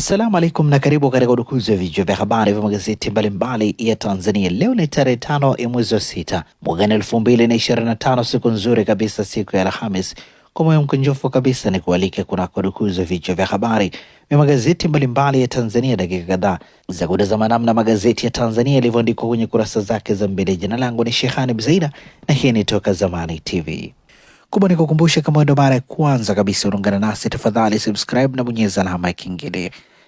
Assalamu alaikum na karibu katika udukuzi wa vichwa vya habari vya magazeti mbalimbali ya Tanzania. Leo ni tarehe tano ya mwezi wa sita mwakani elfu mbili na ishirini na tano, siku nzuri kabisa, siku ya Alhamis. Kwa moyo mkunjofu kabisa ni kualike kuna dukuzi wa vichwa vya habari vya magazeti mbalimbali ya Tanzania, dakika kadhaa za kutazama namna magazeti ya Tanzania yalivyoandikwa kwenye kurasa zake za mbele. Jina langu ni Shehani Bzaida na hii ni Toka Zamani TV. Kubwa ni kukumbusha, kama ndo mara ya kwanza kabisa unaungana nasi, tafadhali subscribe na bonyeza alama ya kengele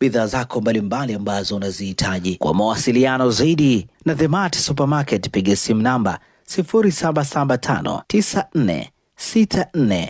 bidhaa zako mbalimbali ambazo unazihitaji. Kwa mawasiliano zaidi na The Mart Supermarket, piga simu namba 0775946447.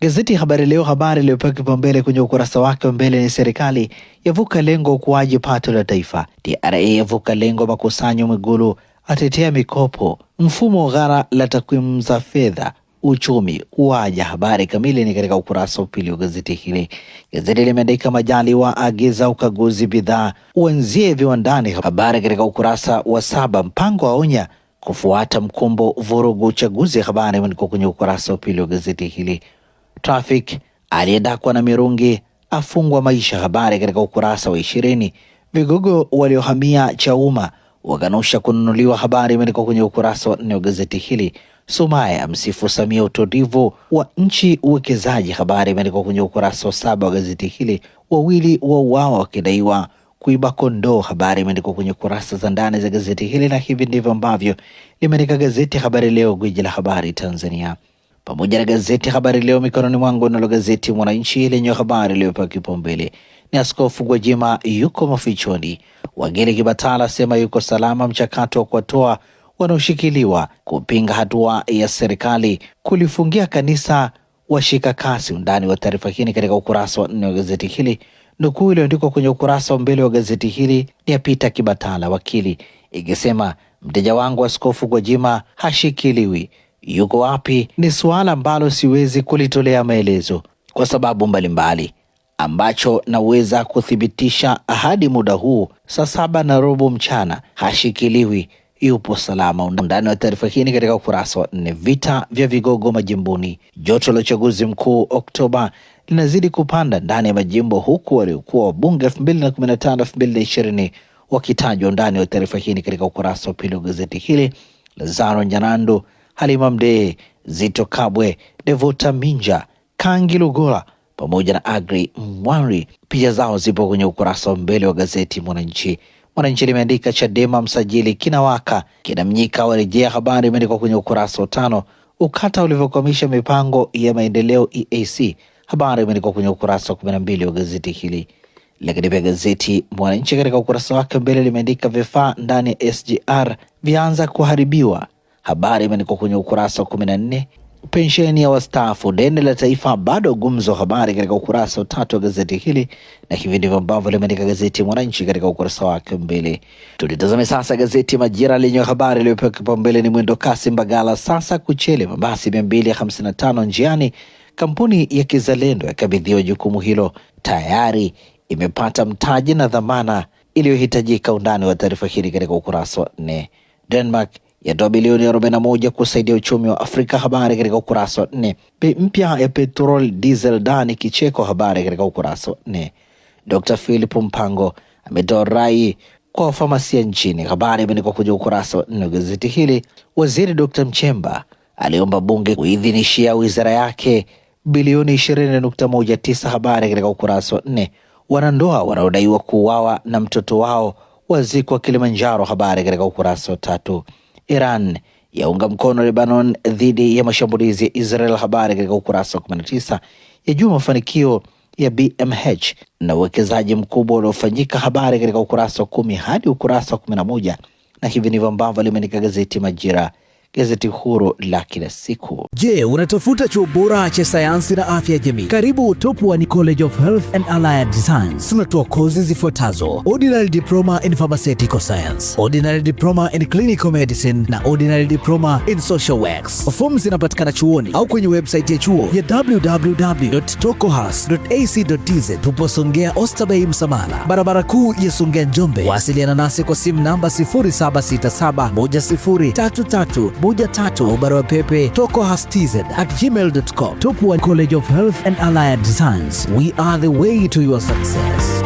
Gazeti ya Habari Leo, habari iliyopewa kipaumbele kwenye ukurasa wake wa mbele ni serikali yavuka lengo ukuaji pato la taifa, TRA yavuka lengo makusanyo, Mwigulu atetea mikopo, mfumo ghara la takwimu za fedha uchumi waja. Habari kamili ni katika ukurasa wa pili wa gazeti hili. Gazeti limeandika Majaliwa agiza ukaguzi bidhaa uanzie viwandani, habari katika ukurasa wa saba. Mpango aonya kufuata mkumbo vurugu uchaguzi, habari imeandikwa kwenye ukurasa wa pili wa gazeti hili. Traffic aliyedakwa na mirungi afungwa maisha, habari katika ukurasa wa ishirini. Vigogo waliohamia Chauma wakanusha kununuliwa, habari imeandikwa kwenye ukurasa wa nne wa gazeti hili. Sumaye amsifu Samia utulivu wa nchi uwekezaji. Habari imeandikwa kwenye ukurasa wa saba wa gazeti hili. Wawili wa wakidaiwa kuiba kondoo. Habari imeandikwa kwenye kurasa za ndani za gazeti hili, na hivi ndivyo ambavyo limeandika gazeti Habari Leo, gwiji la habari Tanzania, pamoja na gazeti Habari Leo mikononi mwangu. Nalo gazeti Mwananchi lenye habari iliyopewa kipaumbele ni Askofu Gwajima yuko mafichoni, wageni Kibatala asema yuko salama, mchakato wa kuwatoa wanaoshikiliwa kupinga hatua ya serikali kulifungia kanisa washika kasi. Undani wa taarifa hii katika ukurasa wa nne wa gazeti hili. Nukuu iliyoandikwa kwenye ukurasa wa mbele wa gazeti hili ni ya Peter Kibatala, wakili, ikisema mteja wangu Askofu Gwajima hashikiliwi. Yuko wapi? Ni suala ambalo siwezi kulitolea maelezo kwa sababu mbalimbali mbali, ambacho naweza kuthibitisha hadi muda huu saa saba na robo mchana hashikiliwi yupo salama. Undani wa taarifa hii ni katika ukurasa wa nne. Vita vya vigogo majimboni, joto la uchaguzi mkuu Oktoba linazidi kupanda ndani ya majimbo, huku waliokuwa wabunge elfu mbili na kumi na tano elfu mbili na ishirini wakitajwa. Undani wa taarifa hii ni katika ukurasa wa pili wa gazeti hili. Lazaro Nyarandu, Halima Mdee, Zito Kabwe, Devota Minja, Kangi Lugola pamoja na Agri Mwari, picha zao zipo kwenye ukurasa wa mbele wa gazeti Mwananchi. Mwananchi limeandika Chadema msajili kinawaka, kina Mnyika warejea. Habari imeandikwa kwenye ukurasa wa tano. Ukata ulivyokwamisha mipango ya maendeleo EAC, habari imeandikwa kwenye ukurasa wa kumi na mbili wa gazeti hili. Lakini pia gazeti Mwananchi katika ukurasa wake mbele limeandika vifaa ndani ya SGR vyaanza kuharibiwa, habari imeandikwa kwenye ukurasa wa kumi na nne. Pensheni ya wastaafu, deni la taifa bado gumzo. Habari katika ukurasa wa tatu wa gazeti hili, na hivi ndivyo ambavyo limeandika gazeti Mwananchi katika ukurasa wake mbili. Tulitazame sasa gazeti Majira lenye habari iliyopewa kipaumbele ni mwendo kasi Mbagala sasa kuchele mabasi 255 njiani. Kampuni ya Kizalendo yakabidhiwa jukumu hilo, tayari imepata mtaji na dhamana iliyohitajika. Undani wa taarifa hili katika ukurasa wa nne. Denmark ya dola bilioni 41 kusaidia uchumi wa Afrika. Habari katika ukurasa wa nne. Bei mpya ya petrol diesel dani kicheko. Habari katika ukurasa wa nne. Dr Philip Mpango ametoa rai kwa wafamasia nchini. Habari imeandikwa kwenye ukurasa wa nne wa gazeti hili. Waziri Dr Mchemba aliomba bunge kuidhinishia wizara yake bilioni 20.19. Habari katika ukurasa wa nne. Wanandoa wanaodaiwa kuuawa na mtoto wao wazikwa Kilimanjaro. Habari katika ukurasa wa tatu. Iran yaunga mkono Lebanon dhidi ya mashambulizi ya Israel. Habari katika ukurasa wa 19 ya juu mafanikio ya BMH na uwekezaji mkubwa uliofanyika. Habari katika ukurasa wa kumi hadi ukurasa wa kumi na moja na hivi ndivyo ambavyo limeandika gazeti Majira gazeti huru la kila siku. Je, unatafuta chuo bora cha sayansi na afya ya jamii? Karibu Top One College of Health and Allied Science. Tunatoa kozi zifuatazo: ordinary diploma in pharmaceutical science, ordinary diploma in clinical medicine na ordinary diploma in social works. Fomu zinapatikana chuoni au kwenye website ya chuo ya www.tokohas.ac.tz. Tupo Songea Oysterbay Msamala, barabara kuu ya Songea Njombe. Wasiliana nasi kwa simu namba 07671033 moja tatu barua pepe tokohas.tz at gmail.com. Tupwa College of Health and Allied Science, we are the way to your success.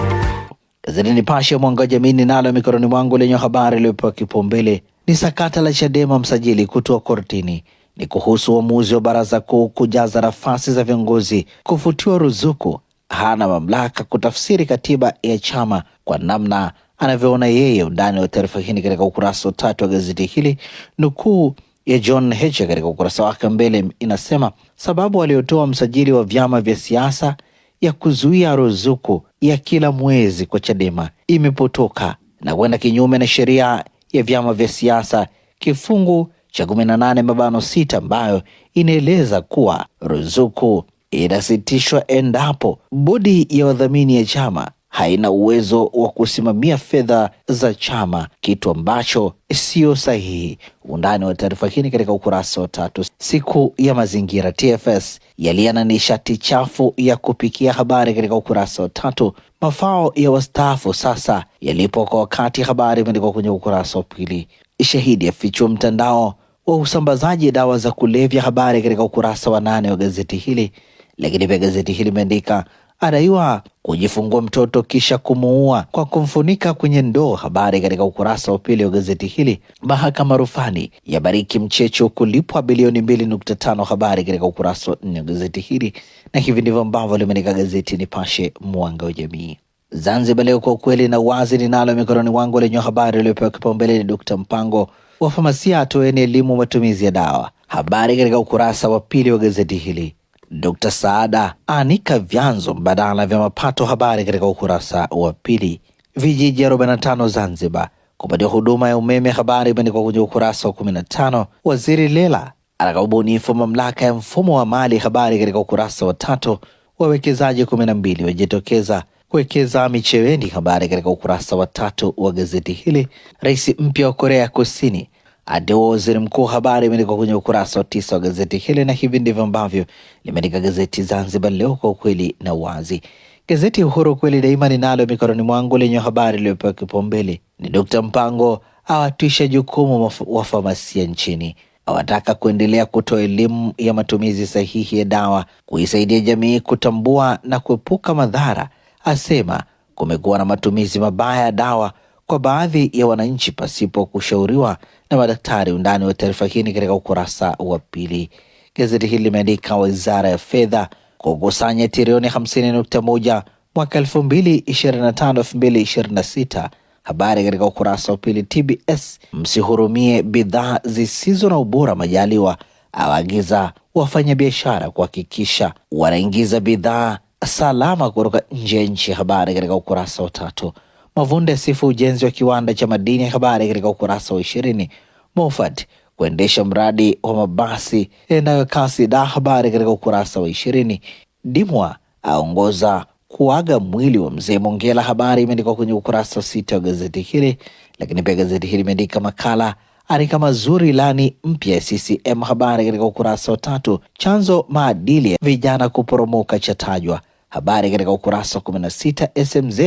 Gazeti Nipashe mwanga wa jamii ninalo mikononi mwangu lenye habari iliyopewa kipaumbele ni sakata la Chadema msajili kutoa kortini. Ni kuhusu uamuzi wa baraza kuu kujaza nafasi za viongozi kufutiwa ruzuku. Hana mamlaka kutafsiri katiba ya chama kwa namna anavyoona yeye. Undani wa taarifa hii ni katika ukurasa wa tatu wa gazeti hili. Nukuu ya John Heche katika ukurasa wake mbele inasema sababu aliyotoa msajili wa vyama vya siasa ya kuzuia ruzuku ya kila mwezi kwa Chadema imepotoka na kwenda kinyume na sheria ya vyama vya siasa kifungu cha kumi na nane mabano sita ambayo inaeleza kuwa ruzuku inasitishwa endapo bodi ya wadhamini ya chama haina uwezo wa kusimamia fedha za chama, kitu ambacho sio sahihi. Undani wa taarifa hii katika ukurasa wa tatu. Siku ya mazingira TFS yaliana nishati chafu ya kupikia, habari katika ukurasa wa tatu. Mafao ya wastaafu sasa yalipo kwa wakati, habari imeandikwa kwenye ukurasa wa pili. Shahidi afichwa mtandao wa usambazaji dawa za kulevya, habari katika ukurasa wa nane wa gazeti hili. Lakini pia gazeti hili limeandika adaiwa kujifungua mtoto kisha kumuua kwa kumfunika kwenye ndoo. Habari katika ukurasa wa pili wa gazeti hili. Mahakama rufani yabariki mchecho kulipwa bilioni mbili nukta tano. Habari katika ukurasa wa nne wa gazeti hili, na hivi ndivyo ambavyo limeandika gazeti Nipashe mwanga wa jamii. Zanzibar Leo, kwa ukweli na uwazi ninalo mikononi wangu, lenye habari iliyopewa kipaumbele ni Dkt Mpango wa famasia atoeni elimu matumizi ya dawa. Habari katika ukurasa wa pili wa gazeti hili Dr. Saada anika vyanzo mbadala vya mapato. Habari katika ukurasa wa pili. Vijiji 45 Zanzibar kupatiwa huduma ya umeme. Habari imeandikwa kwenye ukurasa wa 15. Waziri Lela ataka ubunifu mamlaka ya mfumo wa mali. Habari katika ukurasa wa tatu. Wawekezaji 12 wajitokeza kuwekeza Micheweni. Habari katika ukurasa wa tatu wa gazeti hili. Rais mpya wa Korea Kusini ateo waziri mkuu. Habari imeandikwa kwenye ukurasa wa tisa wa gazeti hili, na hivi ndivyo ambavyo limeandika gazeti Zanzibar Leo kwa ukweli na uwazi. Gazeti Uhuru kweli daima ninalo mikononi mwangu lenye habari iliyopewa kipaumbele ni Dkt Mpango awatwisha jukumu wa famasia nchini, awataka kuendelea kutoa elimu ya matumizi sahihi ya dawa kuisaidia jamii kutambua na kuepuka madhara, asema kumekuwa na matumizi mabaya ya dawa kwa baadhi ya wananchi pasipo kushauriwa na madaktari. Undani wa taarifa hii ni katika ukurasa wa pili. Gazeti hili limeandika wizara ya fedha kukusanya trilioni 50.1 mwaka 2025 2026. Habari katika ukurasa wa pili. TBS msihurumie bidhaa zisizo na ubora. Majaliwa awaagiza wafanyabiashara kuhakikisha wanaingiza bidhaa salama kutoka nje ya nchi. Habari katika ukurasa wa tatu. Mavunde asifu ujenzi wa kiwanda cha madini ya habari katika ukurasa wa ishirini. Mofat kuendesha mradi wa mabasi yaendayo kasi da habari katika ukurasa wa ishirini. Dimwa aongoza kuaga mwili wa mzee Mongela, habari imeandikwa kwenye ukurasa wa sita wa gazeti hili. Lakini pia gazeti hili imeandika makala arika mazuri lani mpya ya CCM, habari katika ukurasa wa tatu. Chanzo maadili vijana kuporomoka chatajwa Habari katika ukurasa wa 16, SMZ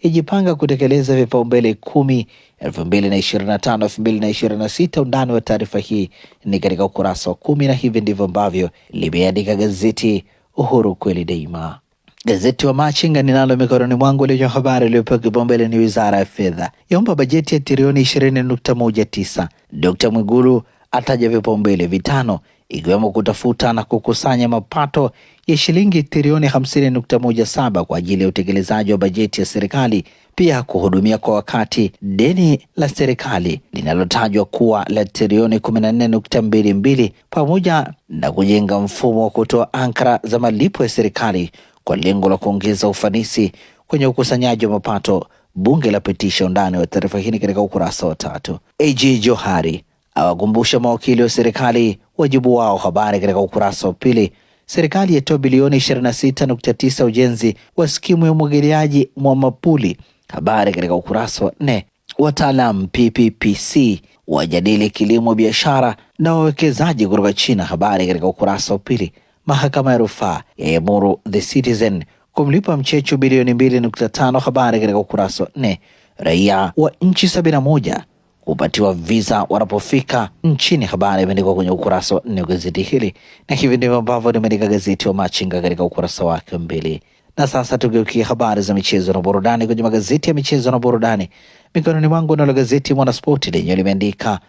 ijipanga kutekeleza vipaumbele kumi 2025 Undani wa taarifa hii ni katika ukurasa wa kumi, na hivi ndivyo ambavyo limeandika gazeti Uhuru kweli daima. Gazeti wa Machinga ninalo mikononi mwangu lenye habari iliyopewa kipaumbele ni wizara ya fedha yaomba bajeti ya trilioni 20.19. Dkt Mwigulu ataja vipaumbele vitano ikiwemo kutafuta na kukusanya mapato ya shilingi trilioni 50.17 kwa ajili ya utekelezaji wa bajeti ya serikali, pia kuhudumia kwa wakati deni la serikali linalotajwa kuwa la trilioni 14.22 pamoja na kujenga mfumo wa kutoa ankara za malipo ya serikali kwa lengo la kuongeza ufanisi kwenye ukusanyaji wa mapato. Bunge la pitisha undani wa taarifa hii katika ukurasa wa tatu. AG Johari awakumbusha mawakili wa serikali wajibu wao, habari katika ukurasa wa pili serikali yatoa bilioni 26.9 ujenzi wa skimu ya umwagiliaji Mwamapuli. Habari katika ukurasa wa nne. Wataalam PPPC wajadili kilimo, biashara na wawekezaji kutoka China. Habari katika ukurasa wa pili. Mahakama ya rufaa yaamuru The Citizen kumlipa mchecho bilioni 2.5. Habari katika ukurasa wa nne. Raia wa nchi 71 kupatiwa visa wanapofika nchini. Habari imeandikwa kwenye ukurasa wa nne wa gazeti hili, na hivi ndivyo ambavyo limeandika gazeti wa Machinga katika ukurasa wake wa mbili. Na sasa tugeukie habari za michezo na burudani kwenye magazeti ya michezo na burudani mikononi mwangu, nalo gazeti Mwanaspoti lenyewe limeandika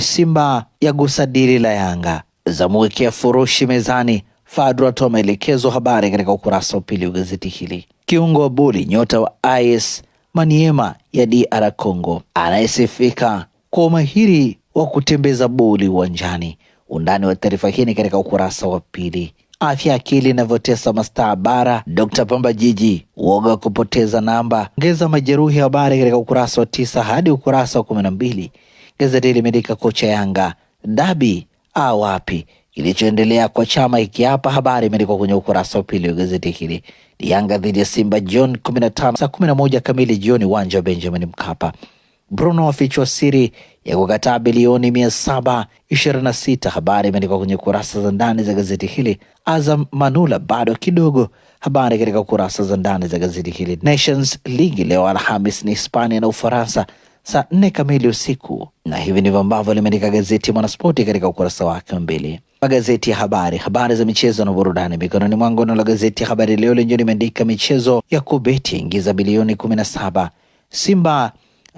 Simba gusa dili la Yanga, zamuwekea furushi mezani, Fadru atoa maelekezo. Habari katika ukurasa wa pili wa gazeti hili. Kiungo wa Buli nyota wa AS maniema ya DR Congo anayesifika kwa umahiri wa kutembeza boli uwanjani. Undani wa taarifa hii ni katika ukurasa wa pili. Afya akili inavyotesa mastaa bara. Dr Pamba Jiji uoga wa kupoteza namba ongeza majeruhi. Habari katika ukurasa wa tisa hadi ukurasa wa kumi na mbili. Gazeti limeandika kocha Yanga dabi au wapi, kilichoendelea kwa chama ikiapa, habari imeandikwa kwenye ukurasa wa pili wa gazeti hili. Yanga dhidi ya Simba Juni 15 saa 11 kamili jioni, uwanja wa Benjamin Mkapa. Bruno afichwa siri ya kukataa bilioni 726. Habari imeandikwa kwenye kurasa za ndani za gazeti hili. Azam Manula bado kidogo, habari katika kurasa za ndani za gazeti hili. Nations League leo Alhamis ni Hispania na Ufaransa saa nne kamili usiku, na hivi ndivyo ambavyo limeandika gazeti Mwanaspoti katika ukurasa wake wa mbili Magazeti ya habari, habari za michezo na burudani mikononi mwangu, nalo gazeti ya Habari Leo lenyewe limeandika michezo ya kubeti ingiza bilioni kumi na saba Simba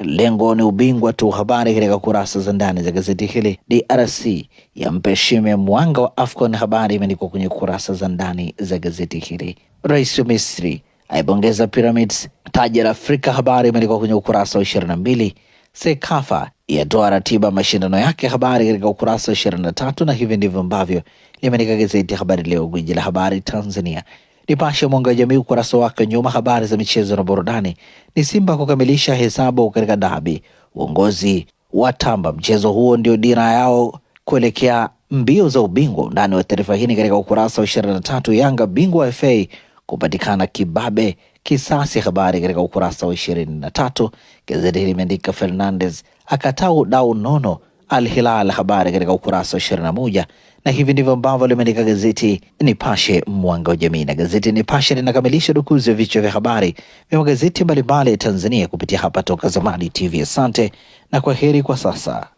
lengo ni ubingwa tu. Habari katika kurasa za ndani za gazeti hili. DRC yampeshime mwanga wa AFCON, habari imeandikwa kwenye kurasa za ndani za gazeti hili. Rais wa Misri aipongeza Pyramids taji la Afrika. Habari imeandikwa kwenye ukurasa wa ishirini na mbili. Sekafa yatoa ratiba mashindano yake, habari katika ukurasa wa ishirini na tatu. Na hivi ndivyo ambavyo limeandika gazeti ya Habari Leo, gwiji la habari Tanzania. Nipashe Mwanga wa Jamii ukurasa wake nyuma, habari za michezo na burudani ni Simba kukamilisha hesabu katika dabi, uongozi wa tamba mchezo huo ndio dira yao kuelekea mbio za ubingwa. Undani wa taarifa hii katika ukurasa wa ishirini na tatu. Yanga bingwa FA kupatikana kibabe kisasi. Habari katika ukurasa wa ishirini na tatu. Gazeti hili imeandika Fernandez akataa udau nono Al Hilal, habari katika ukurasa wa ishirini na moja. Na hivi ndivyo ambavyo limeandika gazeti Nipashe, mwanga wa jamii, na gazeti Nipashe linakamilisha dukuzi ya vichwa vya habari vya magazeti mbalimbali ya Tanzania kupitia hapa Toka Zamani TV. Asante na kwa heri kwa sasa.